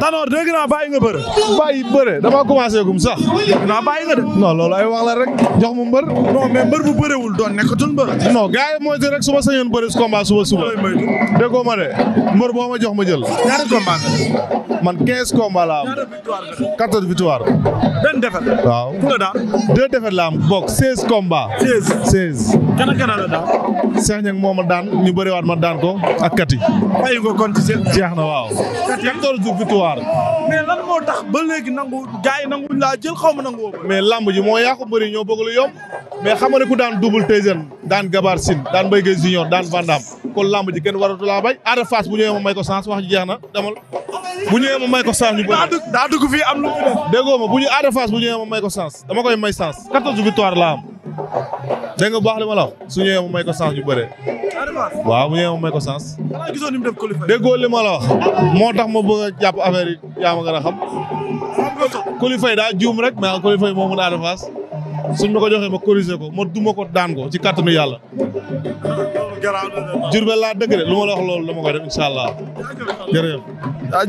Tanor dégg naa bàyyi nga bëre. bàyyi bëre damaa commencé gum sax. dégg naa bàyyi nga de. non loolu ay wax rek jox mu mbër. non mais mbër bu bërewul doon nekkatul mbër. non gars yi mooy rek su ma sañoon bëre su combat suba suba. déggoo ma mbër boo ma jox ma jël. ñaari combat man 15 combat laa am. victoire. benn défaite. waaw ku la daan. la am bokk seize combats. seize seize. kan a kan la daan. Cheikh a moo ma daan ñu bëriwaat ma daan ko ak kati. bàyyi ko kon ci seen. jeex na waaw. kati quatorze victoire. mais lan moo tax ba léegi nangu gars yi nanguñ laa jël xaw ma nangu mais lamb ji moo yàqu mbëri ñoo bëgg lu yomb. mais xam nga ne ku daan double Tyson daan Gabar Sine daan Mbaye Guèye Junior daan Vandam kon lamb ji kenn waratu laa bay. Ada Fass bu ñëwee ma may ko sens wax jeex na demal. bu ñëwee ma may ko sens ñu bëri. daa dugg fii am lu mu def. déggoo ma bu ñu Ada Fass bu ñëwee ma may ko sens dama koy may sens 14 victoire laa am dégg nga bu baax li ma la wax su ñëwee ma may ko sens ñu bëree. waaw bu ñëwee ma may ko sens. gisoo ni mu def déggoo li ma la wax. moo tax ma bëgg a jàpp affaire yi yaa ma gën a xam. Kulifay daa juum rek mais Kulifay moo mën Ada Fass suñ ma ko joxee ma corriger ko ma duma ko daan ko ci kàttanu yàlla. jur be laa dëgg de lu ma la wax loolu dama koy def incha allah jërëjëf.